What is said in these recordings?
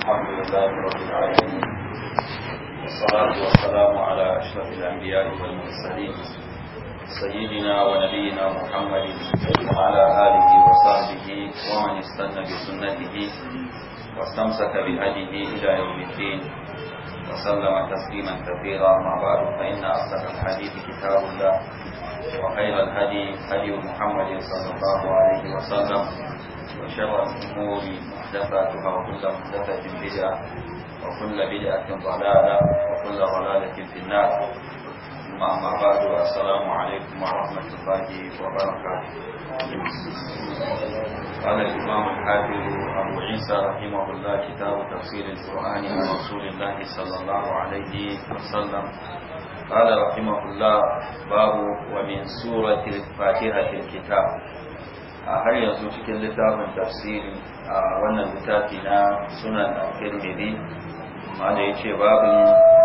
الحمد لله رب العالمين والصلاة والسلام على أشرف الأنبياء والمرسلين سيدنا ونبينا محمد وعلى آله وصحبه ومن استنى بسنته واستمسك بهديه إلى يوم الدين وسلم تسليما كثيرا ما بعد فإن أصدق الحديث كتاب الله وخير الهدي هدي محمد صلى الله عليه وسلم وشر الأمور محدثاتها وكل محدثة بدعة وكل بدعة ضلالة وكل ضلالة في النار ثم أما بعد السلام عليكم ورحمة الله وبركاته قال الإمام الحافظ أبو عيسى رحمه الله كتاب تفسير القرآن عن رسول الله صلى الله عليه وسلم قال رحمه الله باب ومن سورة الفاتحة الكتاب har yanzu cikin littafin tafsirin a wannan littafi na sunan al-tirmidhi wanda ya ce babin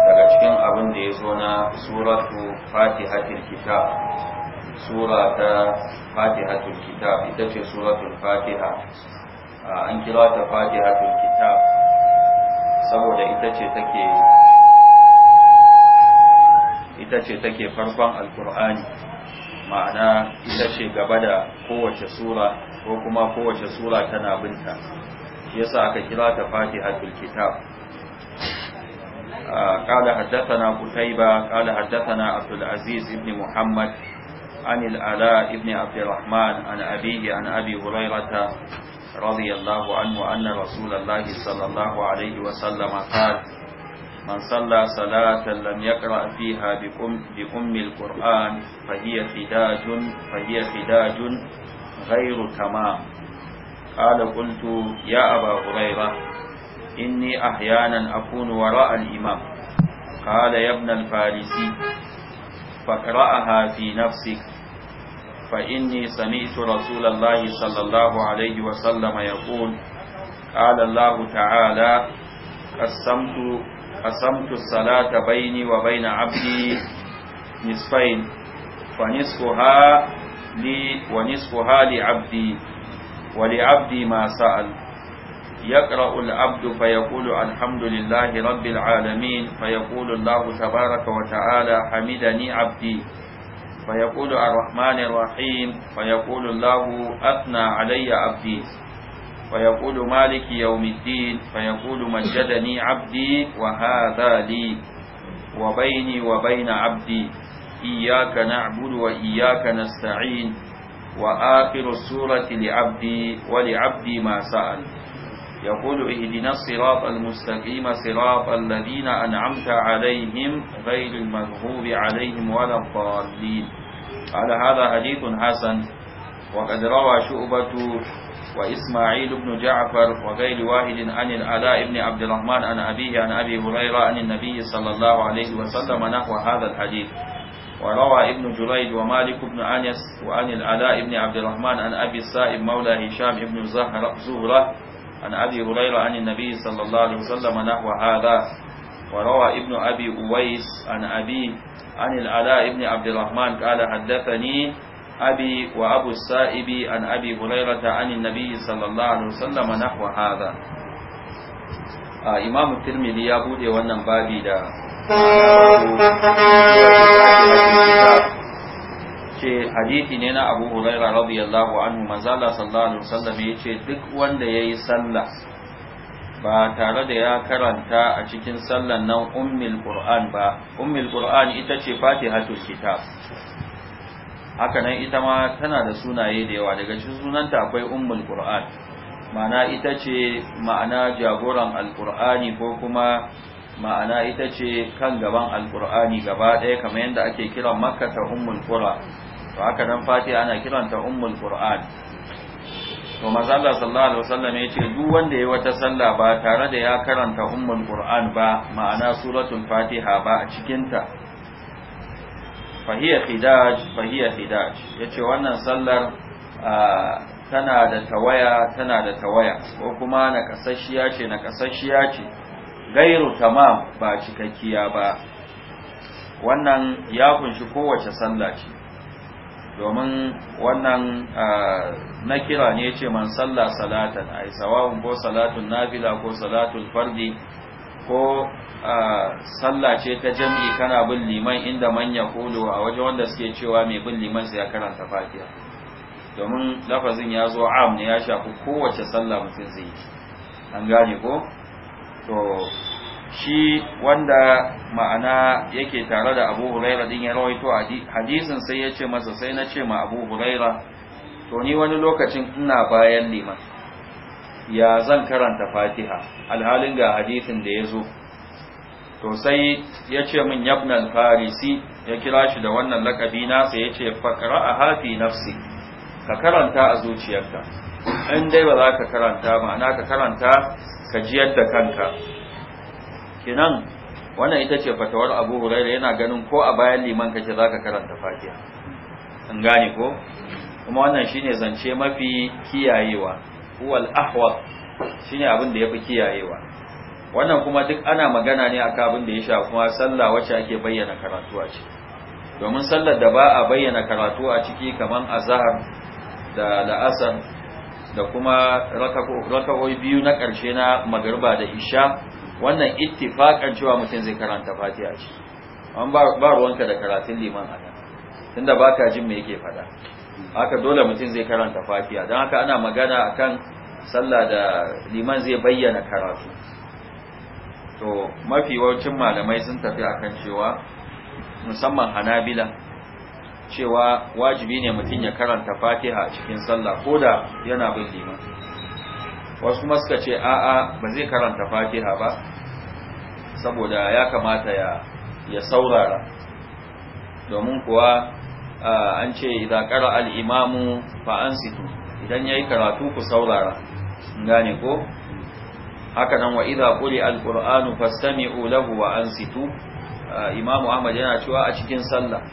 daga cikin abin da ya zo na suratu fatihatul kitab sura ta fatihatul kitab ita ce suratul fatiha an kira ta fatihatul kitab saboda ita ce take ita ce take farkon alkur'ani ma'ana ita ce gaba da kowace sura ko kuma kowace sura tana binta shi yasa aka kira ta fatihatul kitab قال حدثنا قتيبة قال حدثنا عبد العزيز بن محمد عن العلاء بن عبد الرحمن عن أبيه عن أبي هريرة رضي الله عنه أن رسول الله صلى الله عليه وسلم قال من صلى صلاة لم يقرأ فيها بأم القرآن فهي خداج فهي خداج غير تمام قال قلت يا أبا هريرة إني أحيانا أكون وراء الإمام قال يا ابن الفارسي فاقرأها في نفسك فإني سمعت رسول الله صلى الله عليه وسلم يقول قال الله تعالى قسمت قسمت الصلاة بيني وبين عبدي نصفين فنصفها لي ونصفها لعبدي ولعبدي ما سأل يقرأ العبد فيقول الحمد لله رب العالمين فيقول الله تبارك وتعالى حمدني عبدي فيقول الرحمن الرحيم فيقول الله أثنى علي عبدي فيقول مالك يوم الدين فيقول مجدني عبدي وهذا لي وبيني وبين عبدي إياك نعبد وإياك نستعين وآخر السورة لعبدي ولعبدي ما سأل يقول اهدنا الصراط المستقيم صراط الذين أنعمت عليهم غير المغضوب عليهم ولا الضالين على هذا حديث حسن وقد روى شعبة وإسماعيل بن جعفر وغير واحد عن العلاء بن عبد الرحمن عن أبيه عن أبي هريرة عن النبي صلى الله عليه وسلم نحو هذا الحديث وروى ابن جريج ومالك بن أنس وعن العلاء بن عبد الرحمن عن أبي السائب مولى هشام بن زهرة عن أبي هريرة عن النبي صلى الله عليه وسلم نحو هذا وروى ابن أبي أويس عن أبي عن العلاء بن عبد الرحمن قال حدثني أبي وأبو السائب عن أبي هريرة عن النبي صلى الله عليه وسلم نحو هذا آه إمام الترمذي يقول wannan babi da ce hadithi ne na abu huraira radiyallahu anhu Mazala sallallahu alaihi ya ce duk wanda ya yi sallah ba tare da ya karanta a cikin sallan nan ummil qur'an ba ummil qur'an ita ce fatihatul kitab haka nan ita ma tana da sunaye da yawa daga cikin sunanta akwai ummul qur'an ma'ana ita ce ma'ana jagoran alqur'ani ko kuma ma'ana ita ce kan gaban alkur'ani gaba ɗaya kamar yadda ake kiran makka ta ummul qura to haka dan fatiha ana kiranta ummul qur'an to mazalla sallallahu alaihi wasallam yace duk wanda yayi wata sallah ba tare da ya karanta ummul qur'an ba ma'ana suratul fatiha ba a cikin ta fahiya khidaj fahiya khidaj yace wannan sallar tana da tawaya tana da tawaya ko kuma na kasashiya ce na kasashiya ce gairu tamam ba cikakkiya ba wannan ya kunshi kowace sallah ce domin wannan ah, na kira ne ce man sallah salatan ai sawa'un ko salatun nafila ko salatul fardi ko ah, sallah ce ta jam'i kana bin liman inda manya kulu a waje wanda suke cewa mai bin liman sai ya karanta fatiha domin lafazin ya zo am ne ya shafi kowace sallah mutum zai yi an gane ko to shi wanda ma'ana yake tare da abu huraira din ya rawaito hadisin sai ya ce masa sai na ce ma abu huraira to ni wani lokacin ina bayan liman ya zan karanta fatiha alhalin ga hadisin da ya zo to sai ya ce min Yabnan farisi ya kira shi da wannan lakabi nasa ya ce fakara a hafi nafsi ka karanta a zuciyarka in dai ba za ka karanta ma'ana ka karanta ka jiyar da kanka kinan wannan ita ce fatawar abu huraira yana ganin ko a bayan liman kake za ka karanta fatiha in gane ko kuma wannan shine zance mafi kiyayewa huwal ahwa shine abin da yafi kiyayewa wannan kuma duk ana magana ne akan abin da ya shafi kuma sallah wacce ake bayyana karatu a ciki domin sallar da ba a bayyana karatu a ciki kaman azhar da la'asar da kuma raka'o'i biyu na ƙarshe na magarba da isha wannan ittifakan cewa mutum zai karanta fatiha ce an ba ruwanka da karatun liman a nan tunda ba ka jin me yake faɗa haka dole mutum zai karanta Fatiya, don haka ana magana a kan sallah da liman zai bayyana karatu to mafi yawancin malamai sun tafi akan cewa musamman hanabila cewa wajibi ne mutum ya karanta fatiha a cikin sallah ko da yana bin liman wasu kuma suka ce a'a ba zai karanta fatiha ba saboda ya kamata ya ya saurara domin kuwa an ce idan ƙara al'imamu fa'ansitu idan ya yi karatu ku saurara gane ko haka nan wa idan ƙuri al'ur'anu fastami'u lahu wa ansitu imamu ahmad yana cewa a cikin sallah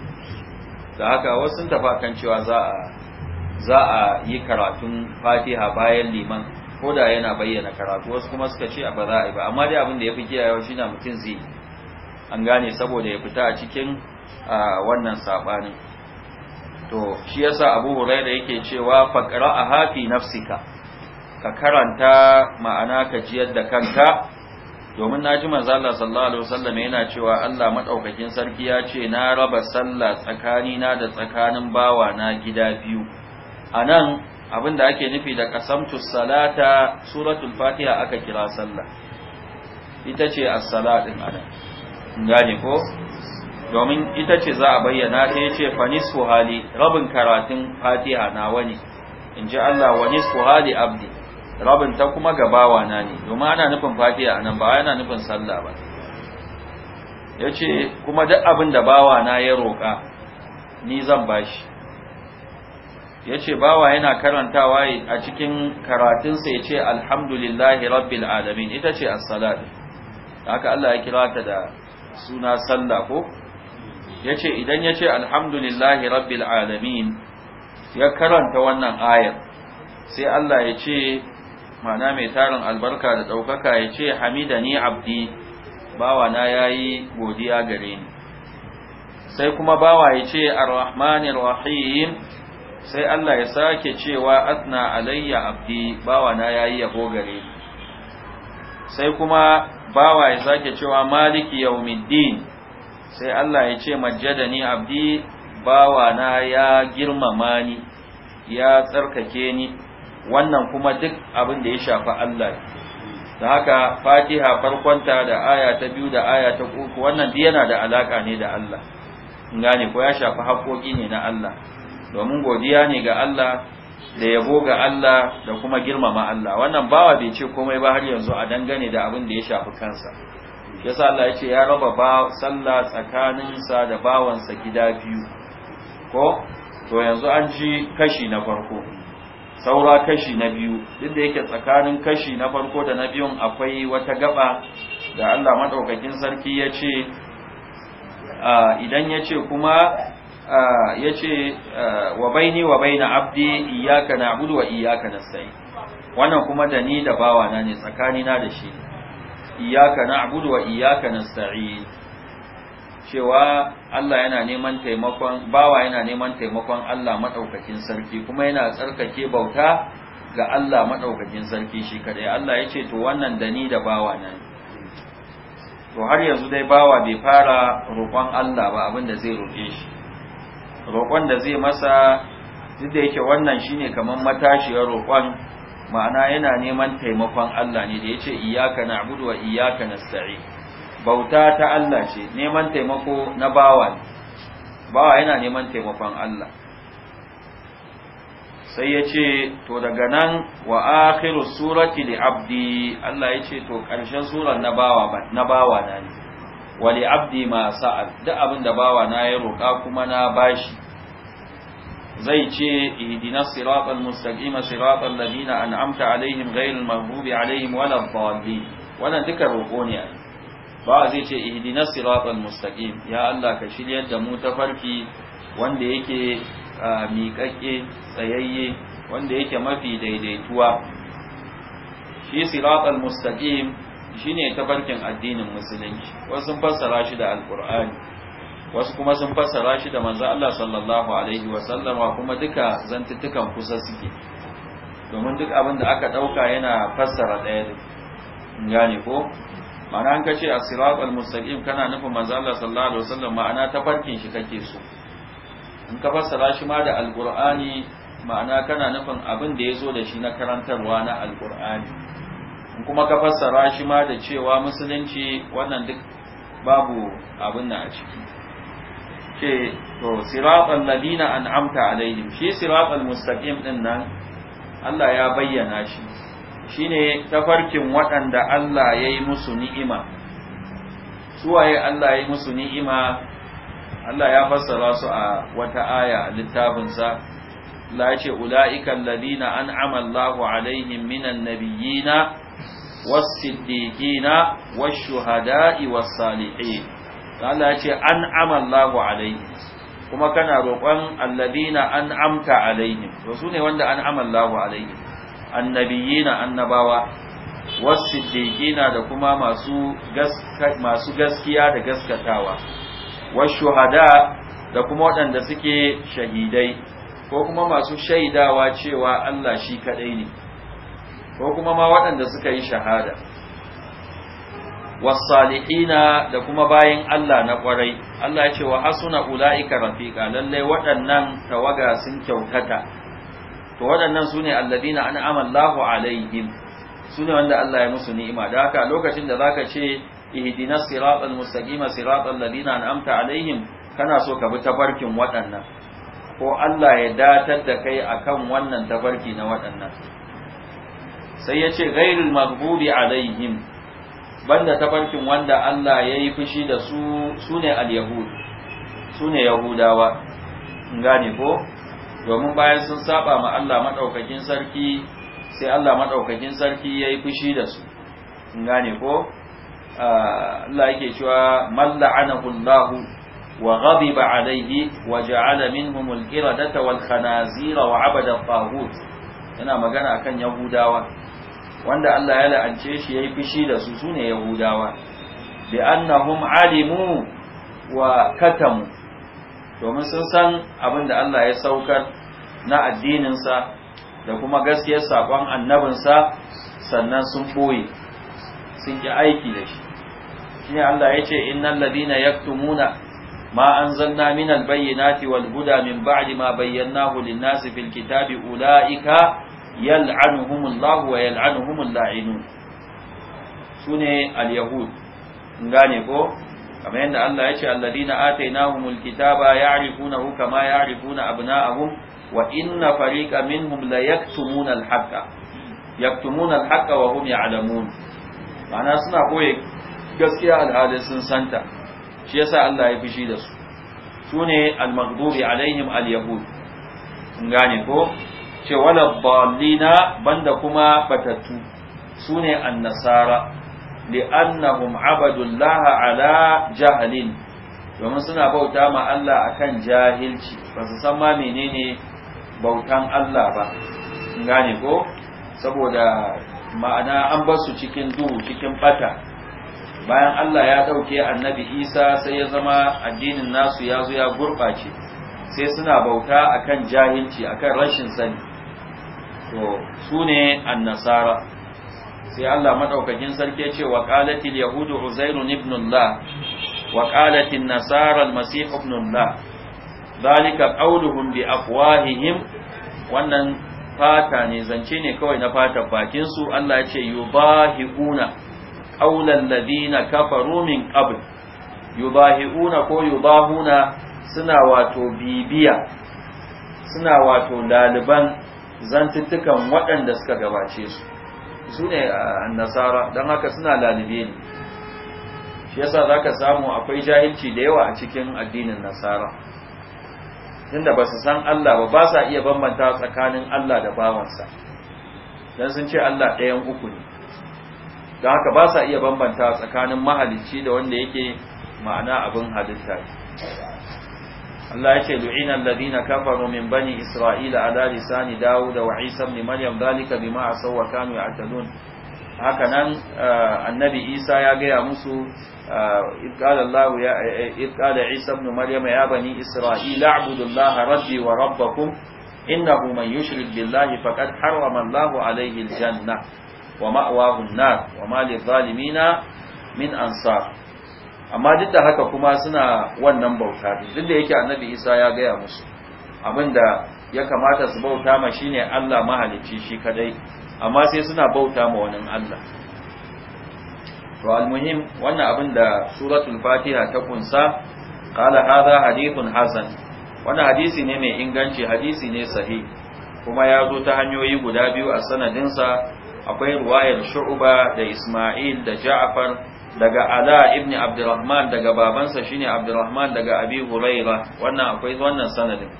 da haka wasu sun tafi kan cewa za a za a yi karatun fatiha bayan liman ko da yana bayyana karatu wasu kuma suka ce ba za a yi ba amma dai abin da ya fi kiyayewa shi na mutum zai an gane saboda ya fita a cikin wannan saɓanin to shi yasa abu huraira yake cewa faƙara a hafi nafsika ka karanta ma'ana ka jiyar da kanka domin na ji manzo Allah sallallahu alaihi wasallam yana cewa Allah madaukakin sarki ya ce na raba sallah tsakani na da tsakanin bawa na gida biyu anan abin da ake nufi da qasamtu salata suratul fatiha aka kira sallah ita ce as salatin anan gane ko domin ita ce za a bayyana ta yace Fanis hali rabin karatun fatiha wani, in inji Allah wa hali abdi rabin ta kuma ga na ne domin ana nufin a anan ba yana nufin sallah ba Ya ce kuma duk abin da bawana ya roƙa, ni zan bashi ce bawa yana karantawa a cikin karatunsa ya yace alhamdulillahi rabbil alamin ita ce as-salat haka Allah ya kira ta da suna sallah ko Ya ce idan ya yace alhamdulillahi rabbil alamin ya karanta wannan ayar sai Allah ya ce ma'ana mai tarin albarka da ɗaukaka ya ce Hamida ni abdi bawana ya yi godiya gare ni sai kuma bawa ya ce arrahmanir rahim sai Allah ya sake cewa atna alayya abdi bawana ya yi yabo gare ni sai kuma bawa ya sake cewa maliki yaumiddin sai Allah ya ce majjadani abdi bawana ya girmama ni ya tsarkake ni wannan kuma duk abin da ya shafi Allah da haka fatiha farkonta da aya ta biyu da aya ta uku wannan duk yana da alaka ne da Allah gane ko ya shafi haƙoƙi ne na Allah domin godiya ne ga Allah da yabo ga Allah da kuma girmama Allah wannan bawa bai ce komai ba har yanzu a dangane da abin da ya shafi kansa yasa Allah ya ce ya raba ba sallah tsakaninsa da bawansa gida biyu ko to yanzu an ji kashi na farko saura kashi na biyu duk da yake tsakanin kashi na farko da na biyun akwai wata gaba da Allah madaukakin sarki ya ce idan ya ce kuma ya ce wa baini wa baina abdi iyaka na'budu wa iyaka sai. wannan kuma da ni da na ne tsakani na da shi iyaka na'budu wa iyaka sai. cewa Allah yana neman taimakon bawa yana neman taimakon Allah maɗaukakin sarki kuma yana tsarkake bauta ga Allah madaukakin sarki shi kadai Allah yace to wannan da ni da bawa na to har yanzu dai bawa bai fara roƙon Allah ba abin da zai roƙe shi roƙon da zai masa duk da yake wannan shine kamar matashiyar roƙon ma'ana yana neman taimakon Allah ne da yace iyyaka na'budu wa iyyaka nasta'in bauta ta Allah ce neman taimako na bawa ne bawa yana neman taimakon Allah sai ya ce to daga nan wa akhiru surati li abdi Allah ya ce to ƙarshen surar na bawa na bawa na ne wa li abdi ma sa'al duk abin da bawa na ya roƙa kuma na bashi zai ce idina siratal mustaqima siratal ladina an'amta alaihim ghayril maghdubi alaihim walad dallin wannan duka roƙo ne ba zai ce ihdinas siratal mustaqim ya Allah ka shiryar da mu ta farki wanda yake miƙaƙe tsayayye wanda yake mafi daidaituwa shi siratal mustaqim shine tafarkin addinin musulunci wasu sun fassara shi da alqur'ani wasu kuma sun fassara shi da manzo Allah sallallahu alaihi wa sallama kuma duka zantuttukan kusa suke domin duk abin da aka dauka yana fassara ɗaya ne gane ko ma'ana an kace as-sirat al-mustaqim kana nufin manzo Allah sallallahu alaihi wasallam ma'ana farkin shi kake so in ka fassara shi ma da alqur'ani ma'ana kana nufin abin da yazo da shi na karantarwa na alqur'ani in kuma ka fassara shi ma da cewa musulunci wannan duk babu abin nan a ciki ke to al ladina an'amta alaihim shi al mustaqim din nan Allah ya bayyana shi shine tafarkin waɗanda Allah ya yi musu ni'ima suwaye Allah ya yi musu ni'ima Allah ya fassara su a wata aya a littafinsa la ce ula'ikan ladina an amallahu alaihim minan nabiyina wasiddiqina washuhada'i wassalihin Allah ya ce an amallahu alaihim kuma kana roƙon alladina an amta alaihim to sune wanda an amallahu alaihim annabiyina annabawa wasiddiqina da kuma masu masu gaskiya da gaskatawa washuhada da kuma waɗanda suke shahidai ko kuma masu shaidawa cewa Allah shi kadai ne ko kuma ma waɗanda suka yi shahada wasalihina da kuma bayin Allah na kwarai Allah ya ce wa hasuna ulaika rafiqa lalle waɗannan tawaga sun kyautata to waɗannan su ne allabina an amallahu alaihim su ne wanda Allah ya musu ni'ima da haka lokacin da zaka ce ihdina siratal mustaqima siratal ladina an'amta alaihim kana so ka bi tafarkin waɗannan ko Allah ya datar da kai akan wannan tabarki na waɗannan sai ya ce ghairul maghdubi alaihim banda tabarkin wanda Allah ya yi fushi da su sune al-yahud sune yahudawa gane ko domin bayan sun saba ma Allah madaukakin sarki sai Allah madaukakin sarki yayi fushi da su gane ko ah, Allah yake cewa man Allah wa ghadiba alayhi wa ja'ala minhum al-qiradata wal khanazira wa abada al-tahut yana magana akan yahudawa wanda Allah ya la'ance shi yayi fushi da su sune yahudawa bi annahum alimu wa katamu domin sun san abin da Allah ya saukar na addininsa da kuma gaskiyar saƙon annabinsa sannan sun ɓoye sun ƙi aiki da shi shi ne Allah ya ce innan ladina yaktumuna ma anzalna min albayyinati wal huda min ba'di ma bayyanahu lin-nasi fil kitabi ulaika Allah wa yal'anuhum la'inun sune al-yahud gane ko kamar yadda Allah ya ce alladina atainahumul kitaba ya'rifunahu kama ya'rifuna abna'ahum wa inna fariqan minhum la yaktumuna al yaktumuna al wa hum ya'lamun ma'ana suna koye gaskiya alhalin sun santa shi yasa Allah ya fishi da su sune al-maghdubi alaihim al-yahud gane ko ce wala dallina banda kuma batattu sune annasara li'annahum abadullah ala jahalin domin suna bauta ma Allah akan jahilci ba su san ma menene bautan Allah ba gane ko saboda ma'ana an bar su cikin duhu cikin bata bayan Allah ya ɗauke annabi Isa sai ya zama addinin nasu ya zo ya gurɓace sai suna bauta akan jahilci akan rashin sani to sune ne annasara sai Allah madaukakin sarki ya ce wa yahudu ibn allah wa qalatin nasara ibn allah dalika qauluhum bi afwahihim wannan fata ne zance ne kawai na fata bakin su Allah ya ce yubahiguna qaulal ladina kafaru min qabl yubahi'una ko yubahuna suna wato bibiya suna wato laliban zantuttukan waɗanda suka gabace su su ne ah, nasara don haka suna lalube ne shi yasa za ka samu akwai jahilci da yawa a cikin addinin nasara tunda ba su san Allah ba ba sa iya bambanta tsakanin Allah da bawansa don sun ce Allah ɗayan uku ne don haka ba sa iya bambanta tsakanin mahalicci da wanda yake ma'ana abin halitta Allah ya ce lu'ina alladhina kafaru min bani isra'ila ala lisani dawud wa isa ibn maryam dalika bima asaw wa kanu ya'tadun haka nan uh, annabi isa ya gaya musu uh, qala allah ya isa ibn maryam ya bani isra'ila a'budullaha rabbi wa rabbakum innahu man yushrik billahi faqad harrama allah alayhi aljanna wa ma'wahu an-nar wa ma lidh min ansar amma duk da haka kuma suna wannan bauta duk da yake annabi isa ya gaya musu abinda ya kamata su bauta ma shine Allah mahalicci shi kadai amma sai suna bauta ma wani Allah to almuhim wannan abin da suratul fatiha ta kunsa qala hadha hadithun hasan wannan hadisi ne mai inganci hadisi ne sahih kuma ya zo ta hanyoyi guda biyu a sanadinsa akwai ruwayar Shu'uba da isma'il da ja'far daga ala ibn abdurrahman daga babansa shine abdurrahman daga abi hurairah wannan akwai wannan sanadin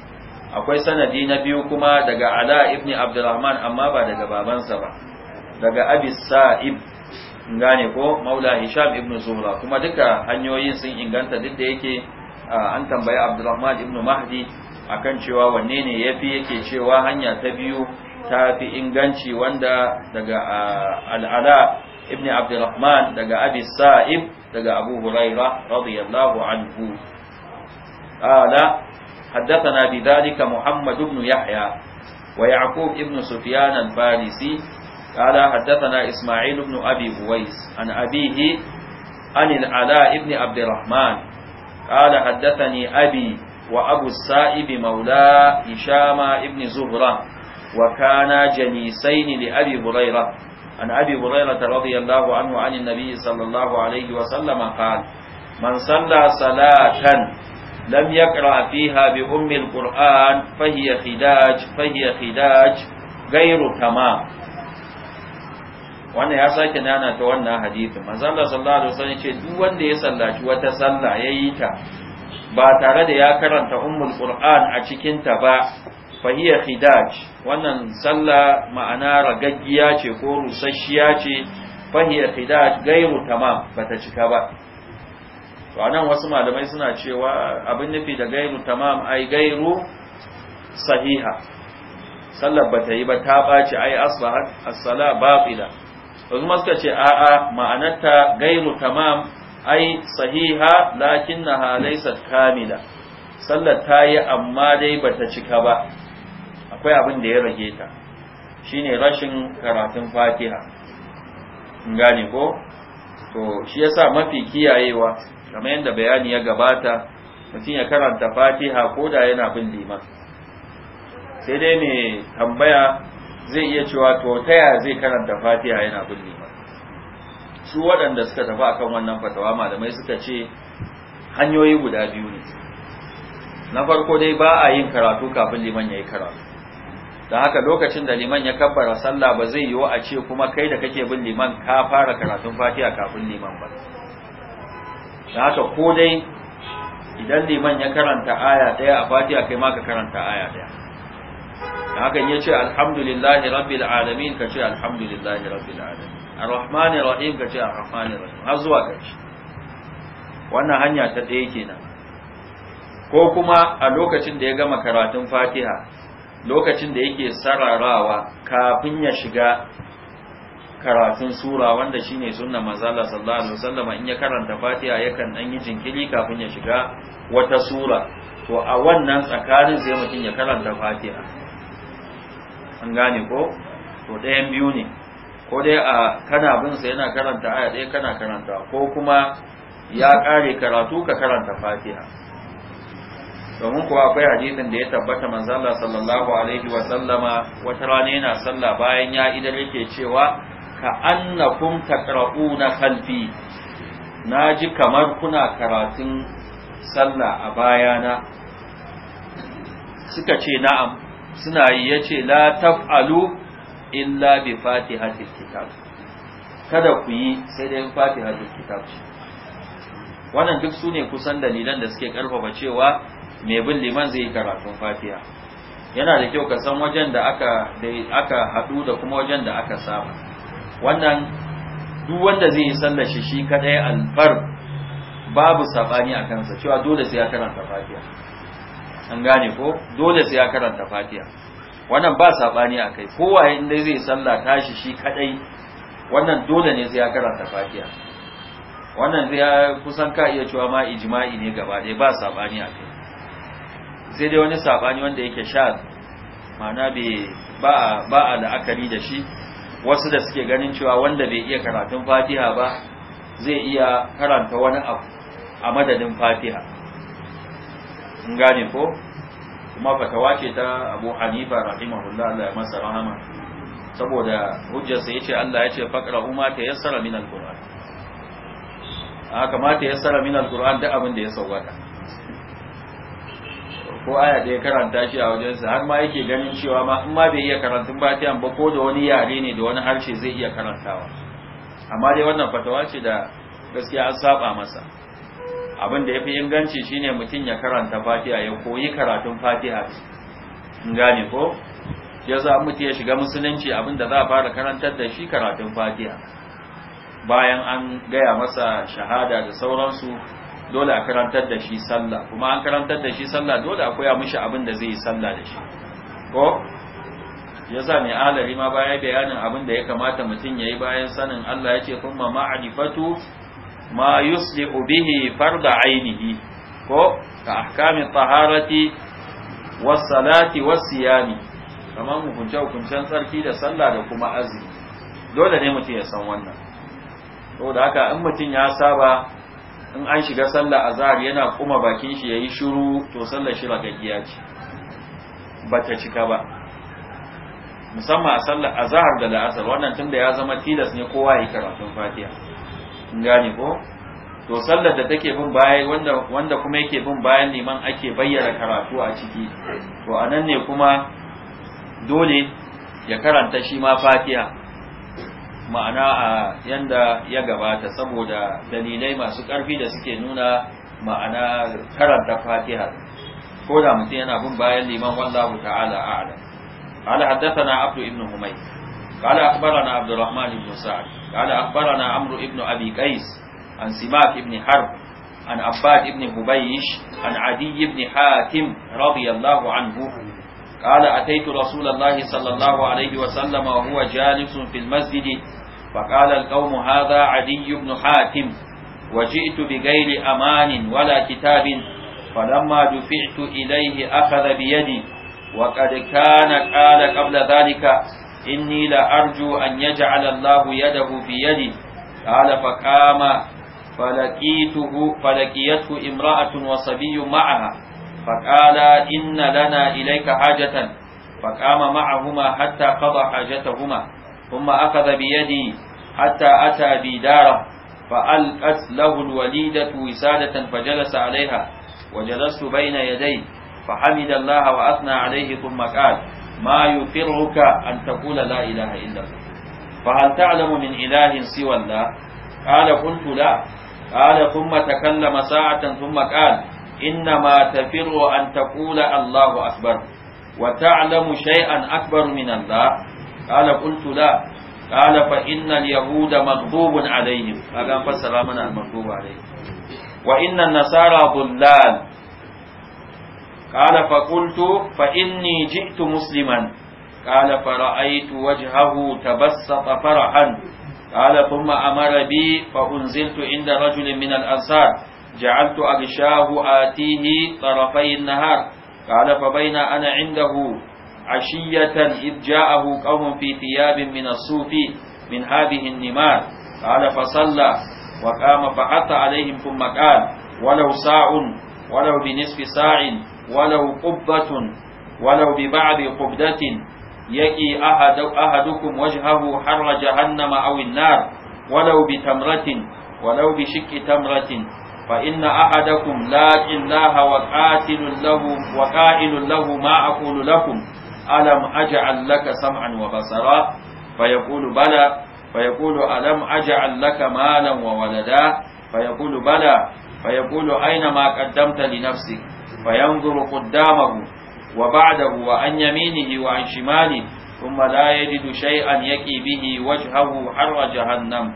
akwai sanadi na biyu kuma daga ala ibn abdurrahman amma ba daga babansa ba daga abi sa'ib gane ko maula hisham Ibnu zuhra kuma duka hanyoyin sun inganta duk da yake an tambayi abdurrahman ibn mahdi akan cewa wanne ne yafi yake cewa hanya ta biyu ta fi inganci wanda daga al'ada. الرحمن Abdurrahman ابي السائب Sa'ib ابو هريره رضي الله عنه قال حدثنا بذلك محمد بن يحيى ويعقوب ابن سفيان الفارسي قال حدثنا إسماعيل بن أبي هويس عن أبيه عن العلاء بن عبد الرحمن قال حدثني أبي وأبو السائب مولى هشام بن زهرة وكانا جنيسين لأبي هريرة عن أبي هريرة رضي الله عنه عن النبي صلى الله عليه وسلم قال من صلى صلاة لم يقرأ فيها بأم القرآن فهي خداج فهي خداج غير تمام wannan ya sake nana ta wannan hadisi manzo sallallahu alaihi wasallam ce duk wanda ya sallaci wata sallah yayi ta ba tare da ya karanta ummul qur'an a cikin ta ba fahiyar khidaj wannan sallah ma'ana ragaggiya ce ko rusasshiya ce fahiyar khidaj gairu tamam bata cika ba to anan wasu malamai suna cewa abin nufi da gairu tamam ai gairu sahiha sallar bata yi ba ta ɓaci ai asbahat as-sala baqila wasu suka ce a'a ma'anarta gairu tamam ai sahiha lakinnaha laysat kamila sallar ta yi amma dai bata cika ba akwai abin da ya rage ta shine rashin karatun fatiha in gane ko to shi yasa mafi kiyayewa kamar yadda bayani ya gabata mutum ya karanta fatiha ko da yana bin liman sai dai mai tambaya zai iya cewa to ta yaya zai karanta fatiha yana bin liman su waɗanda suka tafi akan wannan fatawa malamai suka ce hanyoyi guda biyu ne na farko dai ba a yin karatu kafin liman ya yi karatu da haka lokacin da liman ya kabbara sallah ba zai yiwu a ce kuma kai da kake bin liman ka fara karatun fatiha kafin liman ba da haka ko dai idan liman ya karanta aya daya a fatiha kai ma ka karanta aya daya da haka ya ce alhamdulillahi rabbil alamin ka ce alhamdulillahi rabbil alamin arrahmani rahim ka ce arrahmani rahim har zuwa shi wannan hanya ta ɗaya kenan ko kuma a lokacin da ya gama karatun fatiha lokacin da yake sararawa kafin ya shiga karatun sura wanda shine sunna manzo Allah sallallahu alaihi wasallam in ya karanta Fatiha yakan dan yi jinkiri kafin ya shiga wata sura to a wannan tsakanin sai mutum ya karanta Fatiha an gane ko to ɗayan biyu ne ko dai a kana bin sa yana karanta aya dai kana karanta ko kuma ya kare karatu ka karanta Fatiha domin kuwa akwai hadisin da ya tabbata Allah sallallahu alaihi wa sallama wata rana yana salla bayan ya idan yake cewa ka annakum taqra'una khalfi naji kamar kuna karatun sallah a bayana suka ce na'am suna yi yace la taf'alu illa bi fatihatil kitab kada ku yi sai dai fatihatil kitab wannan duk sune kusan dalilan da suke karfafa cewa mai bin liman zai yi karatun fatiha yana da kyau ka san wajen da aka aka haɗu da kuma wajen da aka saba wannan duk wanda zai yi sallar shi shi kadai alfar babu sabani a kansa cewa dole sai ya karanta fatiha an gane ko dole sai ya karanta fatiha wannan ba sabani a kai kowaye inda zai sallah tashi shi kadai wannan dole ne sai ya karanta fatiha wannan zai kusan ka iya cewa ma ijma'i ne gaba ɗaya ba sabani a kai sai dai wani sabani wanda yake shaz ma'ana ba a la'akari da shi wasu da suke ganin cewa wanda bai iya karatun fatiha ba zai iya karanta wani abu a madadin fatiha in gane ko kuma fatawa ce ta abu hanifa rahimahullah Allah ya masa rahama saboda hujjarsa ya ce Allah ya ce faƙra umar ta yassara min alƙur'an haka ma ta yassara min alƙur'an duk abin da ya sauwata ko aya ya karanta shi a wajensa har ma yake ganin cewa ma in ma bai iya karantun batiyan ba ko da wani yare ne da wani harshe zai iya karantawa amma dai wannan fatawa ce da gaskiya an saba masa abin da ya fi inganci shine mutum ya karanta fatiha ya koyi karatun fatiha in gane ko ya za mutum ya shiga musulunci abin da za a fara karantar da shi karatun fatiha bayan an gaya masa shahada da sauransu dole a karantar da shi sallah kuma an karantar da shi sallah dole a koya mishi abin da zai yi sallah da shi ko yasa mai alari ma bayan bayanin abin da ya kamata mutum ya yi bayan sanin Allah ya ce kun ma yuslihu bihi farda ainihi ko ka ahkami taharati was salati was kamar hukunce hukuncen tsarki da sallah da kuma azumi dole ne mutum ya san wannan saboda haka in mutum ya saba in an shiga a azhar yana kuma bakin shi yayi shiru to sallar shi ragaggiya ce ba ta cika ba musamman a sallar azhar da la'asar wannan tunda ya zama tilas ne kowa yi karatun fatiha in gane ko to sallar da take bin baya wanda wanda kuma yake bin bayan liman ake bayyana karatu a ciki to anan ne kuma dole ya karanta shi ma fatiha ma'ana a yanda ya gabata saboda dalilai masu ƙarfi da suke nuna ma'ana karanta fatiha ko da mutum yana bin bayan liman wallahu ta'ala a'lam qala haddathana abdu ibn humayt qala akhbarana abdurrahman ibn sa'd qala akhbarana amru ibn abi an simak ibn harb an abbad ibn hubaysh an adi ibn hatim radiyallahu anhu قال أتيت رسول الله صلى الله عليه وسلم وهو جالس في المسجد فقال القوم هذا عدي بن حاتم وجئت بغير أمان ولا كتاب فلما دفعت إليه أخذ بيدي وقد كان قال قبل ذلك إني لأرجو أن يجعل الله يده في يدي قال فقام فلقيته فلقيته امرأة وصبي معها فقال إن لنا إليك حاجة فقام معهما حتى قضى حاجتهما ثم أخذ بيدي حتى أتى بي داره فألقت له الوليدة وسادة فجلس عليها وجلست بين يديه فحمد الله وأثنى عليه ثم قال ما يفرك أن تقول لا إله إلا الله فهل تعلم من إله سوى الله قال قلت لا قال ثم تكلم ساعة ثم قال إنما تفر أن تقول الله أكبر وتعلم شيئا أكبر من الله qala qultu la qala fa innal yahuda maghdubun alaihim kaga fassara mana al-maghdub wa innan nasara bullal, qala fa qultu fa musliman قال فرأيت وجهه تبسط فرحا قال ثم أمر بي فأنزلت عند رجل من الأنصار جعلت أغشاه آتيه طرفي النهار قال فبين أنا عنده عشية إذ جاءه قوم في ثياب من الصوف من هذه النمار قال فصلى وقام فحط عليهم ثم قال ولو ساع ولو بنصف ساع ولو قبة ولو ببعض قبدة يكي أحد أحدكم وجهه حر جهنم أو النار ولو بتمرة ولو بشك تمرة فإن أحدكم لا الله وقاتل له وقائل له ما أقول لكم alam aj'al laka sam'an wa basara fayaqulu bala fayaqulu alam aj'al laka malan wa walada fayaqulu bala fayaqulu aina ma qaddamta li nafsi fayanzuru qaddamahu wa ba'dahu wa an yaminihi wa an shimalihi thumma la yajidu shay'an yaqi bihi wajhahu harra jahannam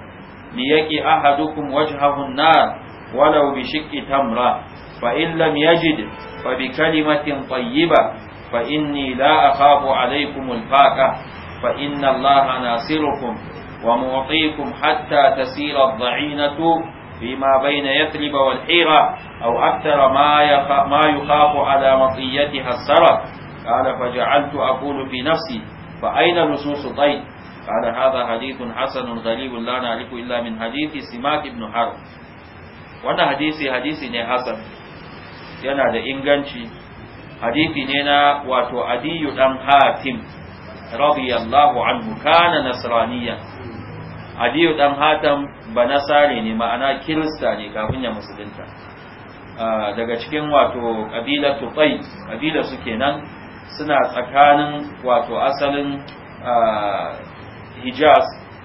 liyaqi ahadukum wajhahu an-nar ولو بشق تمرة فإن لم يجد فبكلمة طيبة fa inni la akhafu alaykum al-faqa fa inna allaha nasirukum wa mu'tikum hatta tasira ad-da'inatu فيما بين يثرب والحيرة أو أكثر ما يخاف ما يخاف على مطيتها السرف قال فجعلت أقول في نفسي فأين لصوص طيب قال هذا حديث حسن غريب لا نعرف إلا من حديث سماك بن حرب وانا حديثي حديثي ne hasan yana da inganci hadisi ne na wato adiyu dan hatim radiyallahu anhu kana nasraniya adiyu dan hatim ba nasare ne ma'ana kirista ne kafin ya musulunta ah, daga cikin wato kabila tutai kabila su kenan suna tsakanin wato asalin ah, hijaz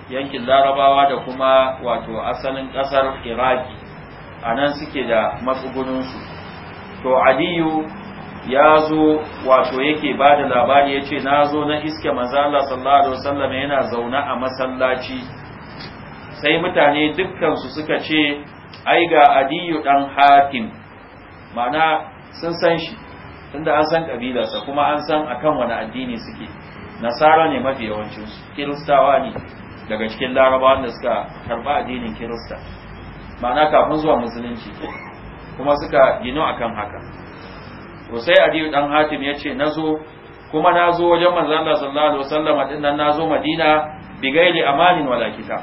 yankin larabawa da kuma wato asalin kasar iraki a nan suke da matsugunansu to aliyu ya zo wato yake ba da labari ya ce na zo na iske manzala sallallahu alaihi yana zaune a masallaci sai mutane dukkansu suka ce ai ga adiyu dan hakim mana sun san shi tunda an san kabilarsa kuma an san akan wani addini suke nasara ne mafi yawanci, kiristawa ne daga cikin larabawan da suka karba addinin kirista ma'ana kafin zuwa musulunci kuma suka gino akan haka to sai adiyu dan hatim ya ce nazo kuma nazo wajen manzo Allah sallallahu alaihi wasallam din nan nazo Madina bi gairi amanin wala kita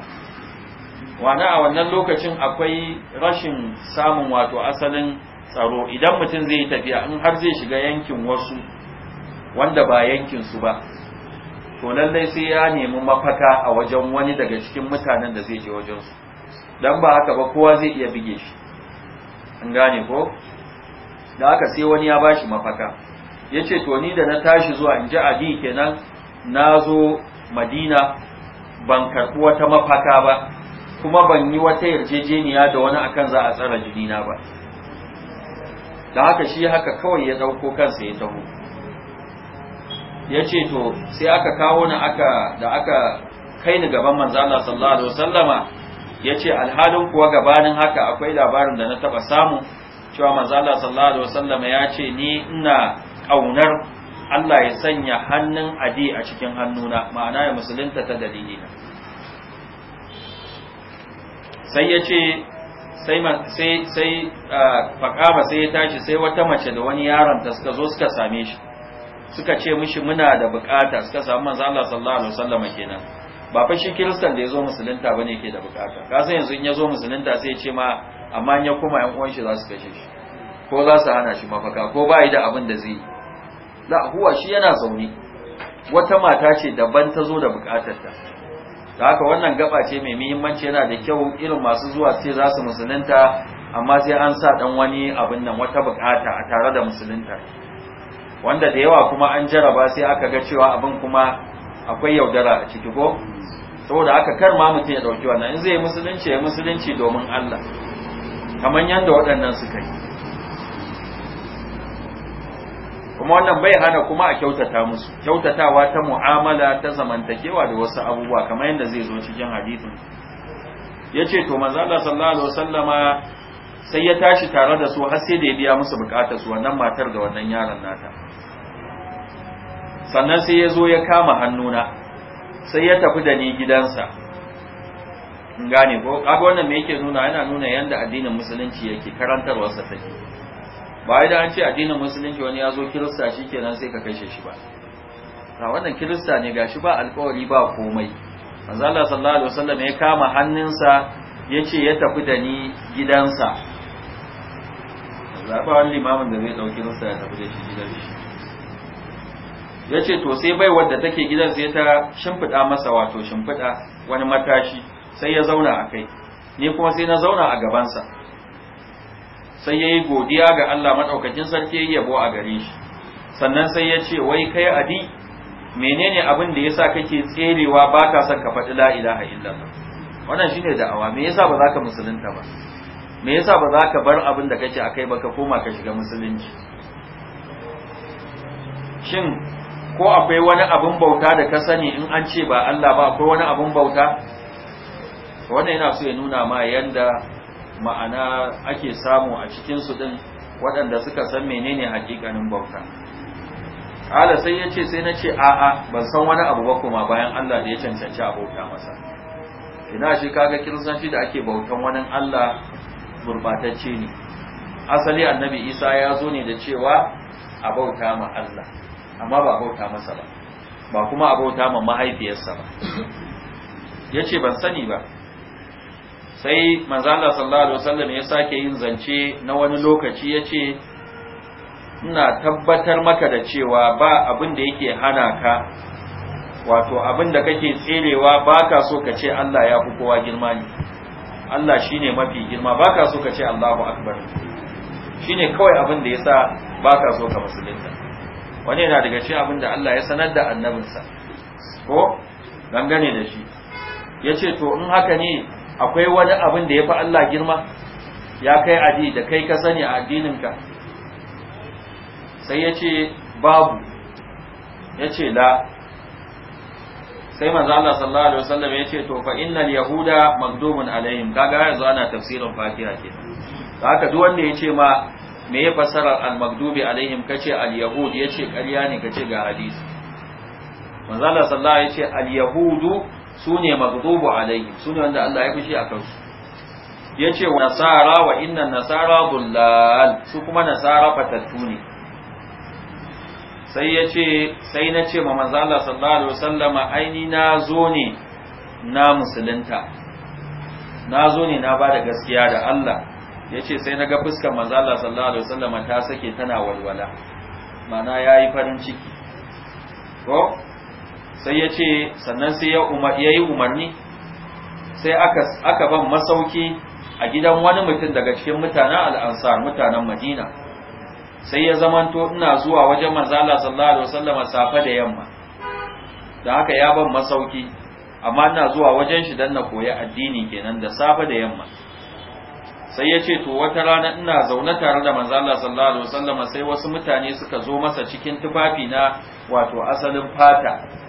wani a wannan lokacin akwai rashin samun wato asalin tsaro idan mutum zai yi tafiya in har zai shiga yankin wasu wanda ba yankin su ba to lallai sai ya nemi mafaka a wajen wani daga cikin mutanen da zai je wajen su dan ba haka ba kowa zai iya bige shi an gane ko da aka sai wani ya bashi mafaka ya ce to ni da na tashi zuwa in ji adi kenan na zo madina ban karɓi wata mafaka ba kuma ban yi wata yarjejeniya da wani akan za a tsara na ba da haka shi haka kawai ya ɗauko kansa ya taho ya ce to sai aka kawo ni aka da aka kai ni gaban manzo Allah sallallahu alaihi wasallama ya alhalin kuwa gabanin haka akwai labarin da na taɓa samu cewa manzo Allah sallallahu alaihi wasallam ya ce ni ina aunar Allah ya sanya hannun adi a cikin hannuna ma'ana ya musulunta ta dalilina sai ya ce sai sai sai faqama sai ya tashi sai wata mace da wani yaron ta suka zo suka same shi suka ce mishi muna da bukata suka samu manzo Allah sallallahu alaihi wasallam kenan ba fa shi kiristan da ya zo musulunta bane yake da bukata kasan yanzu in ya zo musulunta sai ya ce ma amma in ya koma yan uwan shi za su kashe shi ko za su hana shi mafaka ko ba yi da abin da zai la huwa shi yana zaune wata mata ce daban ta zo da bukatarta da haka wannan gaba ce mai muhimmanci yana da kyau irin masu zuwa sai za su musulunta amma sai an sa dan wani abin nan wata bukata a tare da musulunta wanda da yawa kuma an jaraba sai aka ga cewa abin kuma akwai yaudara a ciki ko saboda haka kar ma mutum ya dauki wannan in zai musulunci ya musulunci domin Allah kamar yadda waɗannan suka yi kuma wannan bai hana kuma a kyautata musu kyautatawa ta mu'amala ta zamantakewa da wasu abubuwa kamar yadda zai zo cikin hadithin ya ce to manzo Allah sallallahu alaihi wasallama sai ya tashi tare da su har sai da ya biya musu bukatar su wannan matar da wannan yaron nata sannan sai ya zo ya kama hannuna sai ya tafi da ni gidansa in gane ko kaga wannan me yake nuna yana nuna yanda addinin musulunci yake sa take ba da an ce addinin musulunci wani ya zo kirista shikenan sai ka kashe shi ba a wannan kirista ne gashi ba alƙawari ba komai manzo Allah sallallahu alaihi wasallam ya kama hannunsa yace ya tafi da ni gidansa zaɓa wani limamin da zai dauki rusa ya tafi da shi gidan shi ya ce to sai bai wadda take gidan ya ta shimfiɗa masa wato shimfiɗa wani matashi sai ya zauna a kai ni kuma sai na zauna a gabansa sai ya yi godiya ga Allah maɗaukakin sarki ya yabo a gare shi sannan sai ya ce wai kai adi menene abin da yasa kake tserewa ba ka son ka faɗi la ilaha illallah wannan shine da'awa me yasa ba za ka musulunta ba me yasa ba za ka bar abin da kake akai ba ka koma ka shiga musulunci shin ko akwai wani abin bauta da ka sani in an ce ba Allah ba akwai wani abin bauta wannan yana so ya nuna ma yanda ma'ana ake samu a cikin su din waɗanda suka san menene hakikanin bauta ala sai ya ce sai na ce a'a ban san wani abu ba kuma bayan Allah da ya cancanci a masa ina shi kaga shi da ake bautan wani Allah gurbatacce ne asali annabi Isa ya zo ne da cewa a bauta ma Allah amma ba bauta masa ba ba kuma a bauta ma mahaifiyarsa ba yace ban sani ba sai manzo Allah sallallahu alaihi wasallam ya sake yin zance na wani lokaci ya ce ina tabbatar maka da cewa ba abin da yake hana ka wato abin da kake tserewa ka so ka ce Allah ya fi kowa girma ne Allah shine mafi girma ba ka so ka ce Allahu akbar shine kawai abin da yasa ka so ka musulunta wani yana daga cikin abin da Allah ya sanar da annabinsa ko dangane da shi yace to in haka ne akwai wani abin da ya fi Allah girma ya kai adi da kai ka sani a addininka sai ya ce babu ya ce la sai manzo Allah sallallahu alaihi wasallam ya ce to fa innal yahuda magdumun alaihim kaga yanzu ana tafsirin fatiha kenan haka duk wanda ya ce ma me ya fassara al magdubi alaihim kace al yahud ya ce ƙarya ne kace ga hadisi manzo Allah sallallahu alaihi ya ce al yahudu su ne magdubu alaihim su ne wanda Allah ya fushi a kansu Ya ce wa nasara wa inna nasara dullal su kuma nasara fatattu ne sai ya ce, sai na ce ma manzo Allah sallallahu alaihi wasallama aini na zo ne na musulunta na zo ne na bada gaskiya da Allah Ya ce sai na ga fuskar manzo Allah sallallahu alaihi wasallama ta sake tana walwala mana yayi farin ciki ko sai ya ce sannan sai ya yi umarni sai aka ban masauki a gidan wani mutum daga cikin mutanen al'ansar mutanen madina sai ya zamanto ina zuwa wajen manzala sallallahu alaihi wasallama safe da yamma da haka ya ban masauki amma ina zuwa wajen shi don na koya addini kenan da safe da yamma sai ya ce to wata rana ina zaune tare da mazala sallallahu alaihi wasallama sai wasu mutane suka zo masa cikin tufafi na wato asalin fata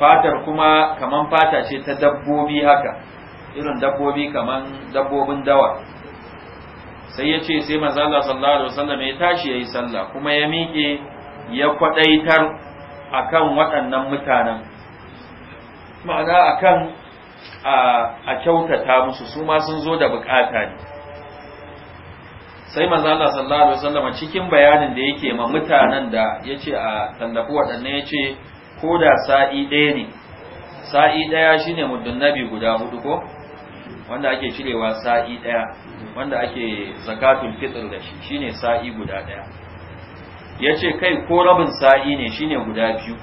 fatar kuma kaman fata ce ta dabbobi haka irin dabbobi kaman dabbobin dawa sai ya ce sai manzo Allah sallallahu alaihi wasallam ya tashi yayi sallah kuma ya miƙe ya kwadaitar akan waɗannan mutanen ma'ana akan a kyautata musu su ma sun zo da bukata ne sai manzo Allah sallallahu alaihi wasallam cikin bayanin da yake ma mutanen da yace a tallafi waɗannan yace ko da sa'i ɗaya ne sa'i ɗaya shine muddun nabi guda hudu ko wanda ake cirewa sa'i ɗaya wanda ake zakatul fitr da shi shine sa'i guda ɗaya yace kai ko rabin sa'i ne shine guda biyu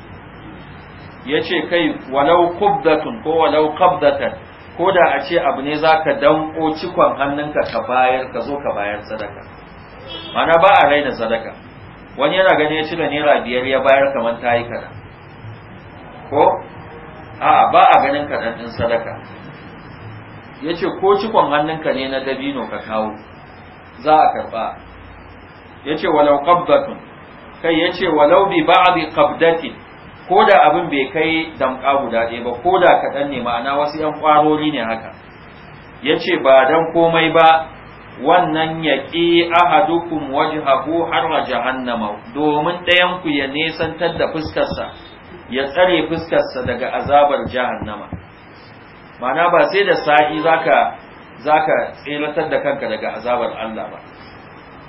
yace kai walau kubdatun ko walau qabdatan ko da a ce abu ne zaka danko cikon hannunka ka bayar ka zo ka bayar sadaka mana ba a raina sadaka wani yana gani ya cire naira biyar ya bayar kamar tayi kana ko a ba a ganin kaɗan ɗin sadaka ya ce ko cikon hannunka ne na dabino ka kawo za a karɓa ya walau ƙabdatun kai yace walau bi ba qabdati ko da abin bai kai damƙa guda ɗaya ba ko da kaɗan ne ma'ana wasu ‘yan ƙwarori ne haka ya ce ba dan komai ba wannan ya ƙi ahadukum wajhahu har wa jahannama domin ɗayanku ya nesantar da fuskarsa ya tsare fuskarsa daga azabar jahannama ma'ana ba sai da sa'i zaka zaka tseratar da kanka daga azabar Allah ba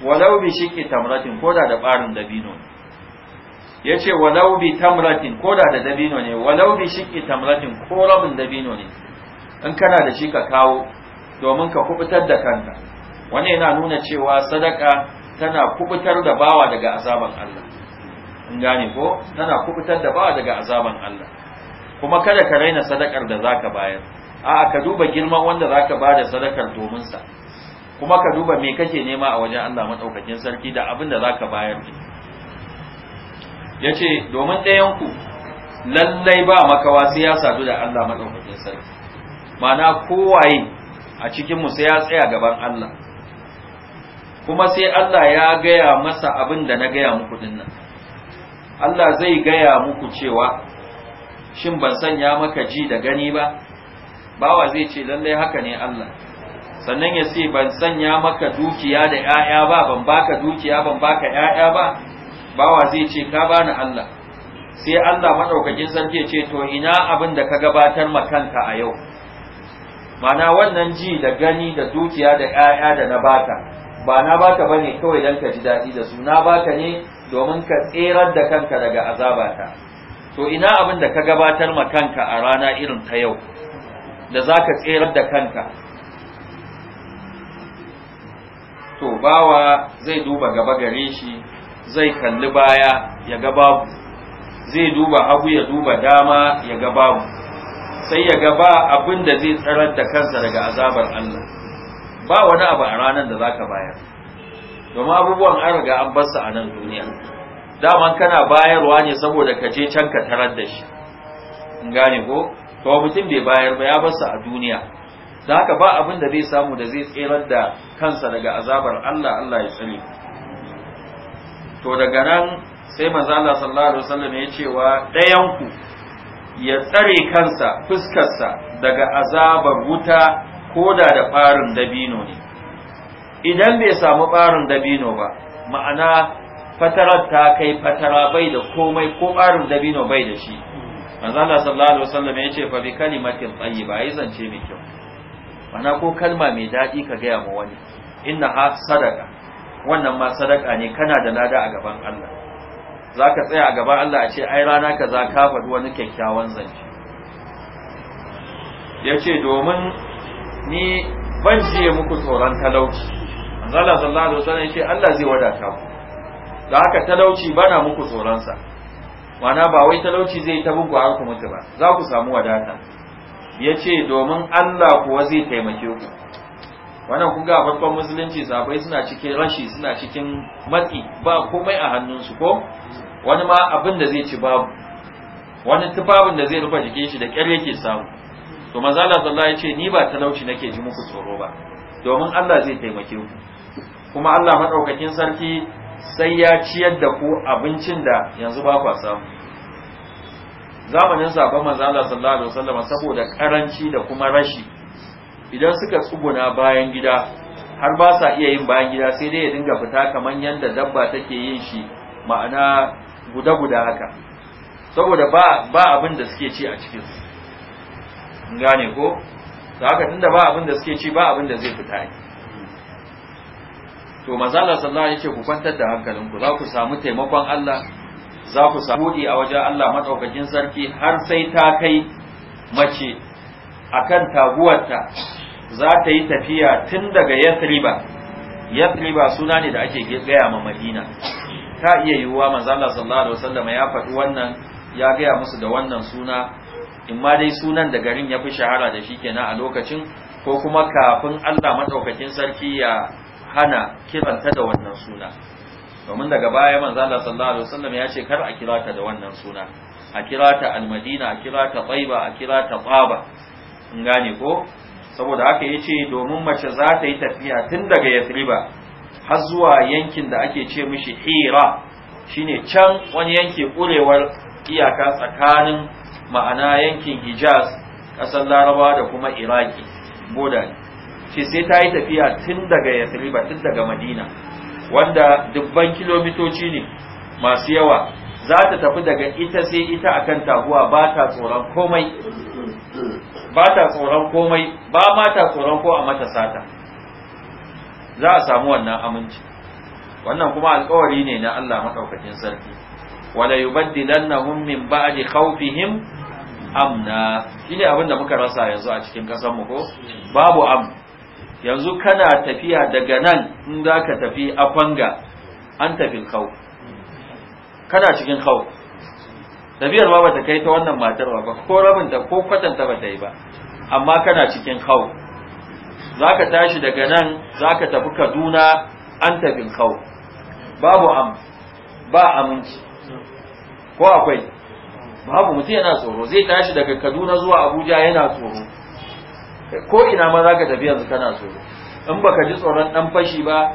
walau bi shiki tamratin koda da barin dabino yace walau bi tamratin koda da dabino ne walau bi shiki tamratin ko rabin dabino ne in kana da shi ka kawo domin ka kubutar da kanka wannan yana nuna cewa sadaka tana kubutar da bawa daga azabar Allah in gane ko tana kubutar da ba daga azaban Allah kuma kada ka raina sadakar da zaka bayar a'a ka duba girman wanda zaka da sadakar domin sa kuma ka duba me kake nema a wajen Allah madaukakin sarki da abin da zaka bayar yace domin ɗayan ku lallai ba makawa sai ya sadu da Allah madaukakin sarki ma'ana kowaye a cikin mu sai ya tsaya gaban Allah kuma sai Allah ya gaya masa abin da na gaya muku dinnan Allah zai gaya muku cewa shin ban sanya maka ji da gani ba bawa zai ce lallai haka ne Allah sannan ya ce ban sanya maka dukiya da ‘ya'ya ba ban baka dukiya ban baka ‘ya'ya ba bawa zai ce ka bani Allah sai Allah maɗaukakin sarki ya ce to ina abin da ka gabatar ma kanka a yau mana wannan ji da gani da dukiya da ‘ya'ya da na baka ba na baka bane kawai dan ka ji daɗi da su na baka ne domin ka tserar da kanka daga azabata to ina abin da ka gabatar ma kanka a rana irin ta yau da za ka tserar da kanka to bawa zai duba gaba gare shi zai kalli baya ya ga babu zai duba hagu ya duba dama ya ga babu sai ya ga ba abin da zai tsarar da kansa daga azabar Allah ba wani abu a ranar da za ka bayar domin abubuwan an riga an bar su a nan duniya daman kana bayarwa ne saboda ka je can ka tarar da shi in gane ko to mutum bai bayar ba ya bar a duniya da haka ba abin da zai samu da zai tserar da kansa daga azabar Allah Allah ya tsare to daga nan sai manzo Allah sallallahu alaihi wasallam ya cewa ɗayan ku ya tsare kansa fuskarsa daga azabar wuta koda da farin dabino ne idan bai samu ɓarin dabino ba ma'ana fatarar ta kai fatara bai da komai ko barin dabino bai da shi manzo Allah sallallahu alaihi wasallam ya ce fa bi kalimatin tayyiba yi zance mai kyau ma'ana ko kalma mai daɗi ka gaya ma wani inna ha sadaka wannan ma sadaka ne kana da lada a gaban Allah za tsaya a gaban Allah a ce ai rana kaza ka faɗi wani kyakkyawan zance yace domin ni ban jiye muku tsoron talauci Allah sallallahu alaihi wasallam yace Allah zai wadata ku da haka talauci bana muku tsoron sa wana ba wai talauci zai ta bugu har ku mutu ba za ku samu wadata yace domin Allah kuwa zai taimake ku wannan kun ga babban musulunci sabai suna cikin rashi suna cikin matsi ba komai a hannunsu ko wani ma abin da zai ci babu wani tufafin da zai rufe jikin shi da ƙyar yake samu to manzo Allah sallallahu alaihi ni ba talauci nake ji muku tsoro ba domin Allah zai taimake ku kuma Allah maɗaukakin sarki sai ya ciyar da ku abincin da yanzu ba ku samu zamanin sabon manzo Allah sallallahu alaihi wasallam saboda karanci da kuma rashi idan suka tsuguna bayan gida har ba sa iya yin bayan gida sai dai ya dinga fita kamar yadda dabba take yin shi ma'ana guda-guda haka saboda ba ba abin da suke ci a cikin su gane ko da haka tunda ba abin da suke ci ba abin da zai fita yi to mazala sallallahu yake ku kwantar da hankalinku za ku samu taimakon Allah za ku samu buɗi a wajen Allah madaukakin sarki har sai ta kai mace akan taguwarta za ta yi tafiya tun daga Yathriba Yathriba suna ne da ake gaya ma Madina ta iya yiwuwa manzala sallallahu alaihi wasallam ya faɗi wannan ya gaya musu da wannan suna in ma dai sunan da garin ya fi shahara da shi kenan a lokacin ko kuma kafin Allah madaukakin sarki ya hana kiranta da wannan suna domin daga baya manzo Allah sallallahu alaihi wasallam ya ce kar a kira ta da wannan suna a kira ta almadina a kira ta taiba a kira ta tsaba in gane ko saboda haka yace domin mace za ta yi tafiya tun daga yathriba har zuwa yankin da ake ce mishi hira shine can wani yanki kurewar iyaka tsakanin ma'ana yankin hijaz ƙasar larabawa da kuma iraki boda ce sai ta yi tafiya tun daga yasriba tun daga madina wanda dubban kilomitoci ne masu yawa za ta tafi daga ita sai ita akan taguwa ba ta tsoron komai ba ta tsoron komai ba ma ta tsoron ko a mata sata za a samu wannan aminci wannan kuma alkawari ne na Allah madaukakin sarki wala yubaddilannahum min ba'di khawfihim amna shine abin da muka rasa yanzu a cikin kasar mu ko babu am yanzu kana tafiya daga nan in za ka tafi a kwanga an tafi kau kana cikin kau tafiyar ba ta kai ta wannan matar ba ko rabin ta ko kwatanta ba ta yi ba amma kana cikin kau za ka tashi daga nan za ka tafi kaduna an tafi kau babu am ba aminci ko akwai babu mutum yana tsoro zai tashi daga kaduna zuwa abuja yana tsoro ko ina ma zaka tafi yanzu kana so in baka ji tsoron dan fashi ba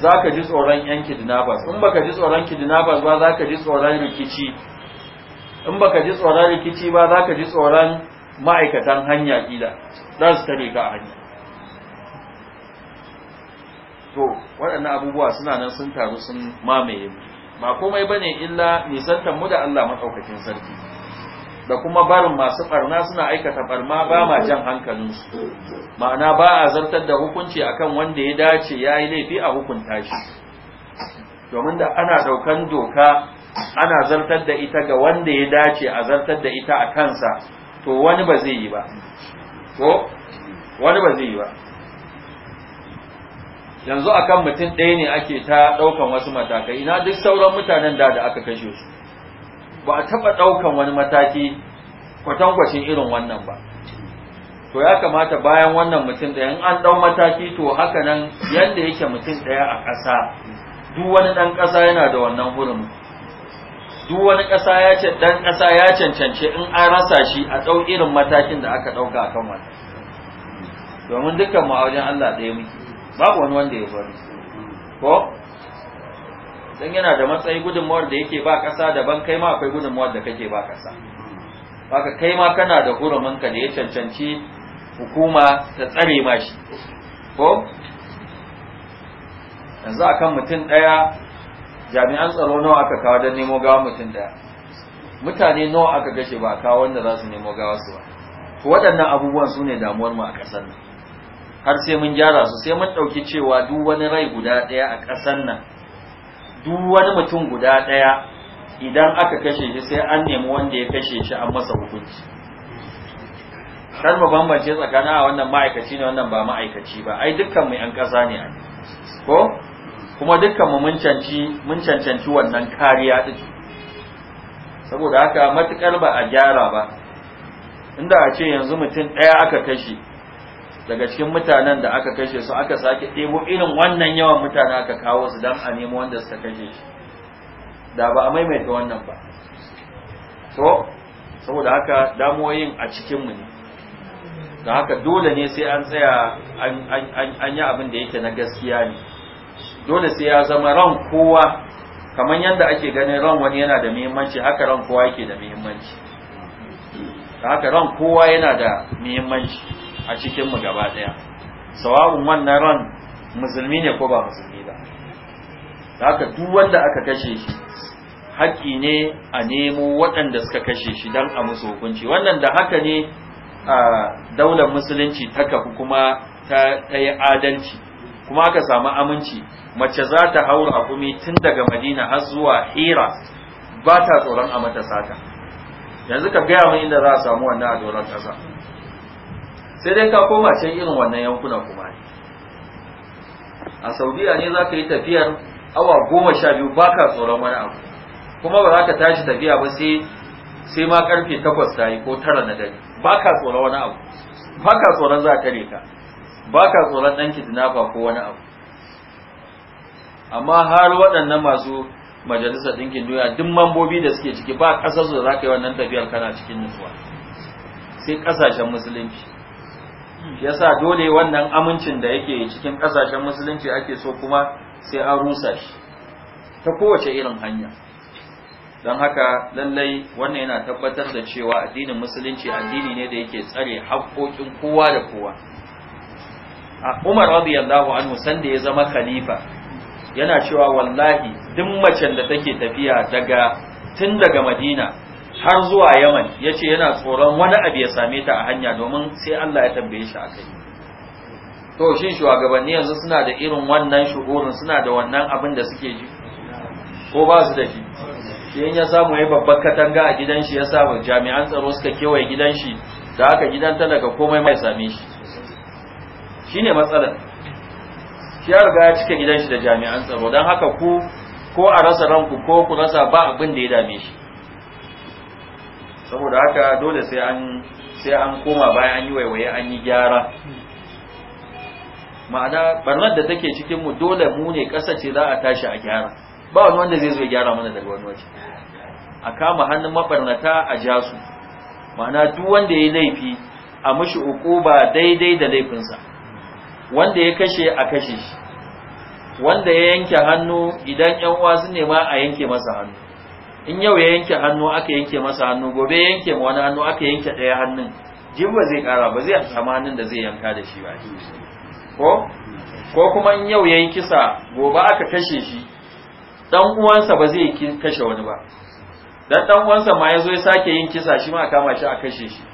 zaka ji tsoron yan kidnappers in baka ji tsoron kidnappers ba zaka ji tsoron rikici in baka ji tsoron rikici ba zaka ji tsoron ma'aikatan hanya kila za su tare ka a hanya to waɗannan abubuwa suna nan sun taru sun mamaye ba komai bane illa nisantar mu da Allah madaukakin sarki da kuma barin masu barna suna aikata barma ba ma jan hankalinsu ma'ana ba a zartar da hukunci akan wanda ya dace ya yi laifi a hukunta shi domin da ana daukan doka ana zartar da ita ga wanda ya dace a zartar da ita a kansa to wani ba zai yi ba ko wani ba zai yi ba yanzu akan mutum ɗaya ne ake ta ɗaukan wasu matakai ina duk sauran mutanen da da aka kashe su ba a taɓa ɗaukan wani mataki kwatankwacin irin wannan ba to ya kamata bayan wannan mutum ɗaya in an ɗau mataki to haka nan yadda yake mutum ɗaya a ƙasa duk wani ɗan ƙasa yana da wannan hurum duk wani ƙasa ya ce ɗan ƙasa ya cancance in an rasa shi a ɗau irin matakin da aka ɗauka a kan wannan domin dukkan mu a wajen Allah ɗaya muke babu wani wanda ya bari ko dan yana da matsayi gudunmawar da yake ba ƙasa daban kai ma akwai gudunmawar da kake ba ƙasa baka kai ma kana da hurumin da ya cancanci hukuma ta tsare ma shi ko yanzu akan mutum ɗaya jami'an tsaro nawa aka kawo don nemo gawa mutum ɗaya mutane nawa aka gashe ba kawo wanda za su nemo gawa su ba to waɗannan abubuwan su ne damuwar mu a ƙasar nan har sai mun gyara su sai mun ɗauki cewa duk wani rai guda ɗaya a ƙasar nan duk wani mutum guda ɗaya idan aka kashe shi sai an nemi wanda ya kashe shi an masa hukunci kar mu bambance tsakanin a wannan ma'aikaci ne wannan ba ma'aikaci ba ai dukkan mu 'yan ƙasa ne ko kuma dukkan mu mun cancanci wannan kariya din saboda haka matukar ba a gyara ba inda a ce yanzu mutum ɗaya aka kashe daga cikin mutanen da aka kashe su aka sake ɗebo irin wannan yawan mutane aka kawo su don a nemo wanda suka kashe shi da ba a maimaita wannan ba to saboda haka damoyin a cikinmu ne da haka dole ne sai an tsaya an yi abin da yake na gaskiya ne dole sai ya zama ran kowa kamar yadda ake ganin ran wani yana da muhimmanci haka ran kowa yake da muhimmanci da haka ran kowa yana da muhimmanci a cikinmu gaba ɗaya sawa'un wannan ran musulmi ne ko ba musulmi ba haka duk wanda aka kashe shi haƙƙi ne a nemo waɗanda suka kashe shi dan a musu hukunci wannan da haka ne a daular musulunci ta kafu kuma ta yi adalci kuma aka samu aminci mace za ta haura a kumi tun daga madina har zuwa hira ba ta tsoron a mata sata yanzu ka gaya min inda za a samu wannan a doron ƙasa sai dai ka koma can irin wannan yankunan kuma ne a saudiya ne za ka yi tafiyar awa goma sha biyu ba ka tsoron wani abu kuma ba za ka tashi tafiya ba sai sai ma karfe takwas ta yi ko tara na dare ba ka tsoron wani abu ba ka tsoron za ka ka ba ka tsoron ɗan kidnapper ko wani abu amma har waɗannan masu majalisa ɗinkin duniya duk mambobi da suke ciki ba ƙasarsu da za ka yi wannan tafiyar kana cikin nutsuwa sai ƙasashen musulunci Ya sa dole wannan amincin da yake cikin kasashen musulunci ake so kuma sai an rusa shi ta kowace irin hanya don haka lallai wannan yana tabbatar da cewa addinin musulunci addini ne da yake tsare haƙoƙin kowa da kowa a umar radiyallahu anhu sanda ya zama khalifa yana cewa wallahi duk macen da take tafiya daga tun daga madina har zuwa yaman ya ce yana tsoron wani abu ya same ta a hanya domin sai Allah ya tambaye shi a kai to shin shugabanni yanzu suna da irin wannan shugurin suna da wannan abin da suke ji ko ba su da shi in ya samu ya babbar katanga a gidan shi ya sa jami'an tsaro suka kewaye gidan shi da haka gidan ta daga komai mai same shi Shi ne matsalar shi ya riga ya cika gidan shi da jami'an tsaro don haka ku ko a rasa ranku ko ku rasa ba abin da ya dame shi saboda haka dole sai an an koma bayan an yi waiwaye an yi gyara ma'ana barnar da take cikin mu dole mu ne ƙasa ce za a tashi a gyara ba wani wanda zai zo ya gyara mana daga wani waje a kama hannun mabarnata a jasu su ma'ana duk wanda ya laifi a mushi ba daidai da laifinsa wanda ya kashe a kashe shi wanda ya yanke hannu idan yan uwa su nema a yanke masa hannu in yau ya yanke hannu aka yanke masa hannu gobe ya yanke ma wani hannu aka yanke ɗaya hannun jin ba zai ƙara ba zai samu hannun da zai yanka da shi ba ko ko kuma in yau ya yi kisa gobe aka kashe shi ɗan uwansa ba zai kashe wani ba dan ɗan uwansa ma ya zo ya sake yin kisa shi ma a kama shi a kashe shi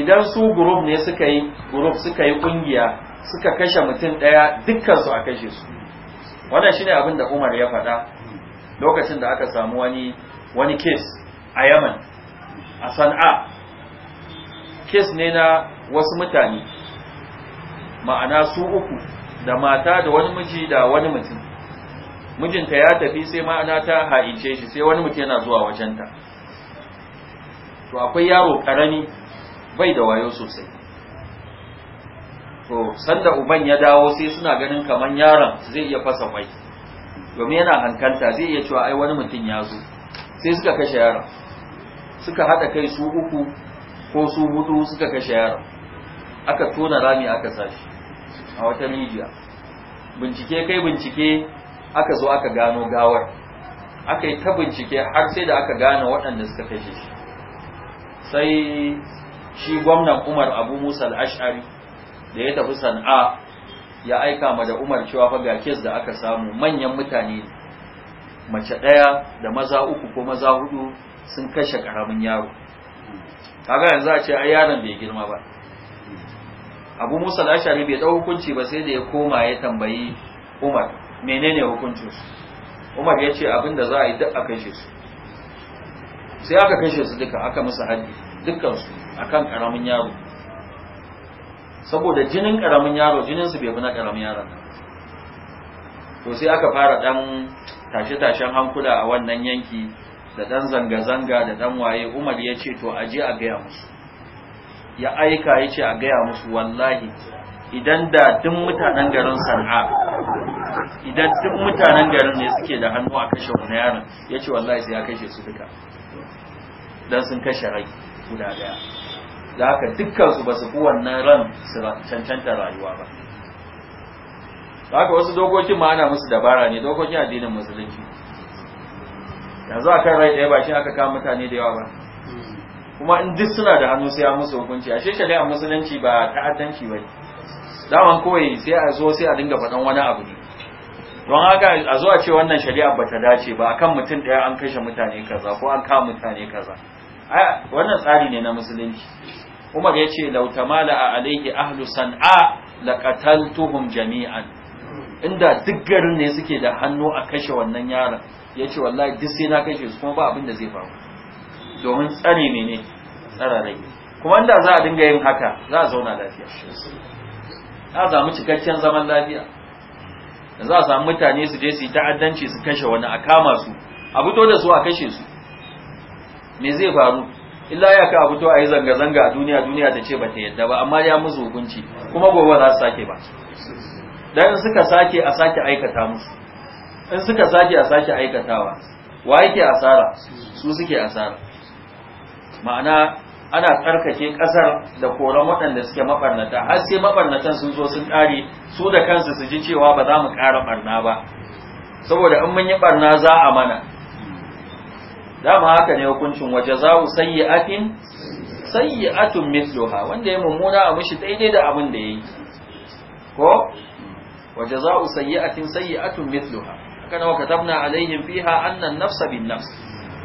idan su group ne suka yi group suka yi kungiya suka kashe mutum ɗaya dukkan su a kashe su wannan shine abin da Umar ya faɗa lokacin da aka samu wani wani case a Yaman a Sana'a case ne na wasu mutane ma'ana su uku da mata da wani miji da wani mutum mijinta ya tafi sai ma'ana ta haice shi sai wani mutum yana zuwa wajenta to akwai yaro karami bai da wayo sosai to sanda uban ya dawo sai suna ganin kamar yaron zai iya fasa mai domin yana hankanta, zai iya cewa ai wani mutum ya zo sai suka kashe yaron suka haɗa kai su uku ko su hudu suka kashe yaron aka tona rami aka sashi a wata rijiya bincike kai bincike aka zo aka gano gawar aka yi ta bincike har sai da aka gane waɗanda suka kashe shi sai shi gwamnan umar abu musa al ash'ari da ya tafi sana'a ya aika ma da umar cewa fa ga kes da aka samu manyan mutane mace ɗaya da maza uku ko maza hudu sun kashe ƙaramin yaro kaga yanzu a ce ai yaron bai girma ba abu musa da ashari bai dau hukunci ba sai da ya koma ya tambayi umar menene hukuncin su umar ya ce abin da za a yi duk a kashe su sai aka kashe su duka aka musu haddi dukkan su akan ƙaramin yaro saboda jinin karamin yaro jininsu bai fi na karamin yaron to sai aka fara dan tashe-tashen hankula a wannan yanki da dan zanga-zanga da dan waye umar ya ce to aje a gaya musu ya aika ya ce a gaya musu wallahi idan da duk mutanen garin sana'a idan duk mutanen garin ne suke da hannu a kashe wani yaron ya ce wallahi sai ya kashe su duka don sun kashe rai guda daya da haka dukkansu ba su fi wannan ran su cancanta rayuwa ba da haka wasu dokokin ma ana musu dabara ne dokokin addinin musulunci yanzu a kan rai ɗaya ba shi aka kama mutane da yawa ba kuma in duk suna da hannu sai a musu hukunci a ashe shari'a musulunci ba ta'addanci ba daman kawai sai a zo sai a dinga faɗan wani abu ne don haka a zo a ce wannan shari'a ba ta dace ba akan mutum ɗaya an kashe mutane kaza ko an kama mutane kaza wannan tsari ne na musulunci Umar ya ce lautamala a alaihi ahlu san'a tuhun jami'an inda duk garin ne suke da hannu a kashe wannan yaron ya ce wallahi duk sai na kashe su kuma ba abin da zai faru domin tsare ne ne tsararai kuma inda za a dinga yin haka za a zauna lafiya za a samu cikakken zaman lafiya da za a samu mutane su je su ta'addanci su kashe wani a kama su a fito da su a kashe su me zai faru illa ya ka fito a yi zanga-zanga a duniya duniya ta ce ba ta yadda ba amma ya musu hukunci kuma gobe za su sake ba dan in suka sake a sake aikata musu in suka sake a sake aikatawa wa yake asara su suke asara ma'ana ana karkace kasar da koran waɗanda suke mabarnata har sai mabarnatan sun zo sun ƙare su da kansu su ji cewa ba za mu ƙara barna ba saboda in mun yi barna za a mana dama haka ne hukuncin waje za ku sayyi'atin sayyi'atun mithluha wanda ya mummuna a mishi daidai da abin da yayi ko waje za ku sayyi'atin sayyi'atun mithluha kana wa katabna alaihim fiha anna an-nafsa bin-nafs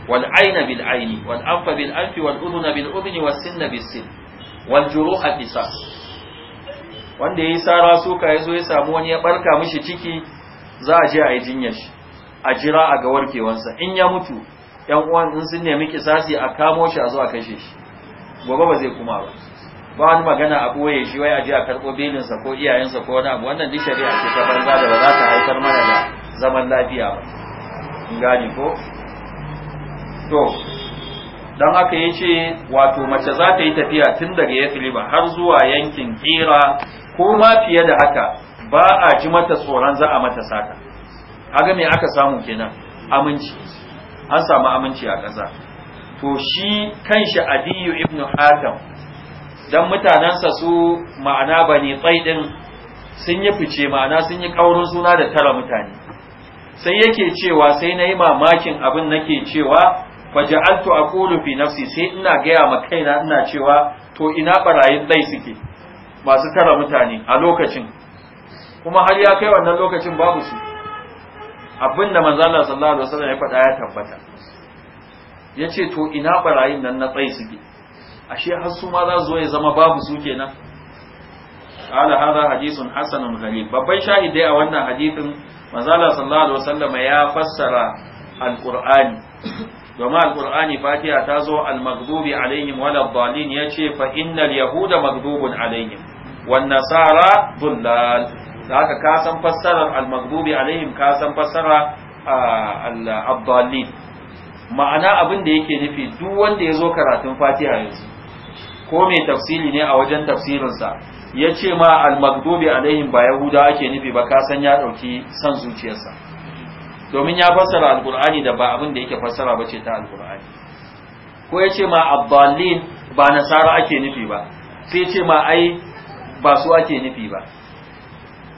wal-ayna bil-ayni wal-anfa bil-anfi wal-udhuna bil-udhuni was-sinna bis sin wal-juruha qisas wanda yayi sara suka yazo ya samu wani ya barka mishi ciki za a je a yi jinyar shi a jira a ga warkewansa in ya mutu yan uwan in sun nemi kisasi a kamo shi a zuwa kashe shi gobe ba zai kuma ba ba wani magana a ɓoye shi wai a je a karɓo belinsa ko iyayensa ko wani abu wannan duk shari'a ce ta banza da ba za ta haifar mana da zaman lafiya ba in gani ko to dan haka ya ce wato mace za ta yi tafiya tun daga ba har zuwa yankin kera ko ma fiye da haka ba a ji mata tsoron za a mata sata haga me aka samu kenan aminci an samu aminci a ƙasa to shi kan kanshi adiyu ibnu hatam dan mutanensa su ma'ana bane tsaidin sun yi fice ma'ana sun yi kaurin suna da tara mutane sai yake cewa sai na yi mamakin abin nake cewa faja'altu aqulu fi nafsi sai ina gaya ma kaina ina cewa to ina barayin dai suke masu tara mutane a lokacin kuma har ya kai wannan lokacin babu su abinda Manzala sallallahu alaihi wasallam ya faɗa ya tabbata yace to ina barayin nan na tsaye suke ashe har su ma za su zo ya zama babu su kenan قال هذا حديث حسن babban shahid dai a wannan hadithin Manzala sallallahu alaihi wasallam ya fassara alqur'ani domin alqur'ani fatiha ta zo almaghdubi alaihim wala dhalin yace fa innal yahuda maghdubun alaihim wan nasara dhullal da haka ka san fassarar al-maghdubi alaihim ka san fassara al ma'ana abin da yake nufi duk wanda ya zo karatun fatiha yanzu ko me tafsiri ne a wajen tafsirin sa ce ma al-maghdubi alaihim ba yahuda ake nufi ba ka san ya ɗauki san zuciyarsa domin ya fassara al-qur'ani da ba abin da yake fassara ba ta al-qur'ani ko yace ce ma abdallin ba nasara ake nufi ba sai ce ma ai ba su ake nufi ba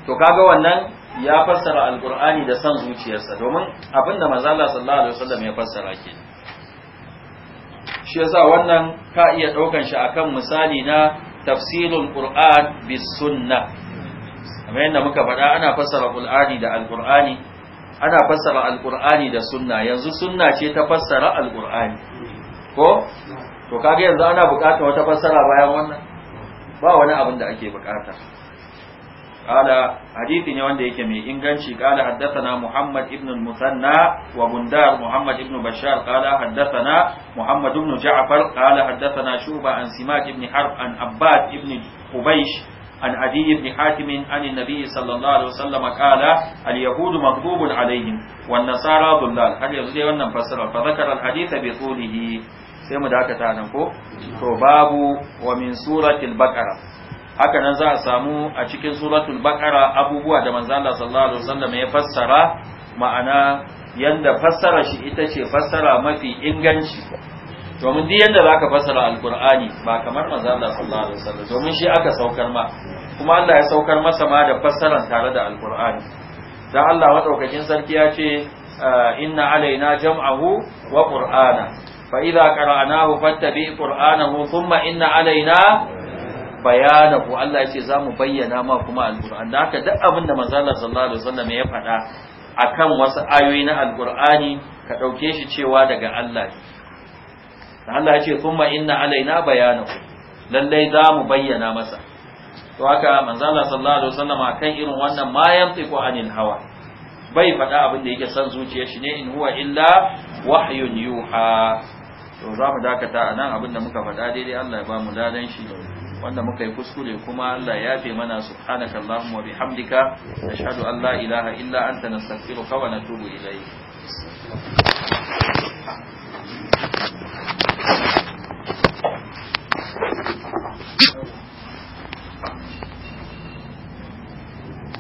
to kaga wannan ya fassara alkur'ani da san zuciyarsa domin abinda manzala sallallahu alaihi wasallam ya fassara ke shi yasa wannan ka iya daukan shi akan misali na tafsirul qur'an bis sunnah kamar yadda muka faɗa ana fassara qur'ani da alkur'ani ana fassara alkur'ani da sunna yanzu sunna ce ta fassara alkur'ani ko to kaga yanzu ana bukata wata fassara bayan wannan ba wani abin da ake bukata قال حديث نيوان يكي مي إنغانشي قال حدثنا محمد ابن المثنى وبندار محمد ابن بشار قال حدثنا محمد ابن جعفر قال حدثنا شعبة عن سماك ابن حرب عن عباد ابن قبيش عن عدي بن حاتم عن النبي صلى الله عليه وسلم قال اليهود مغضوب عليهم والنصارى ضلال هل يزدي wannan fasara فذكر الحديث بطوله sai mu dakata nan ko to babu wa min suratil baqara haka nan za a samu a cikin suratul baqara abubuwa da manzo Allah sallallahu alaihi wasallam ya fassara ma'ana yanda fassara shi ita ce fassara mafi inganci domin duk yanda zaka fassara alqur'ani ba kamar manzo Allah sallallahu alaihi wasallam domin shi aka saukar ma kuma Allah ya saukar masa ma da fassaran tare da alqur'ani dan Allah madaukakin sarki ya ce ah, inna alaina jam'ahu wa qur'ana fa idza qara'nahu fattabi' qur'anahu thumma inna alaina bayanahu Allah yace zamu bayyana ma kuma alquran da haka duk abin da manzo Allah sallallahu alaihi wasallam ya faɗa akan wasu ayoyi na alqurani ka dauke shi cewa daga Allah ne Allah yace kuma inna alaina bayanahu lallai zamu bayyana masa to haka manzo Allah sallallahu alaihi wasallam akan irin wannan ma yamtiqu anil hawa bai faɗa abin da yake san zuciyar shi ne in huwa illa wahyun yuha to za mu dakata a nan abin da muka faɗa daidai Allah ya ba mu dadan shi wanda muka yi kuskure kuma Allah ya yafe mana subhanaka allahumma wa bihamdika nashhadu an la ilaha illa anta nastaghfiruka wa natubu ilayk Thank you.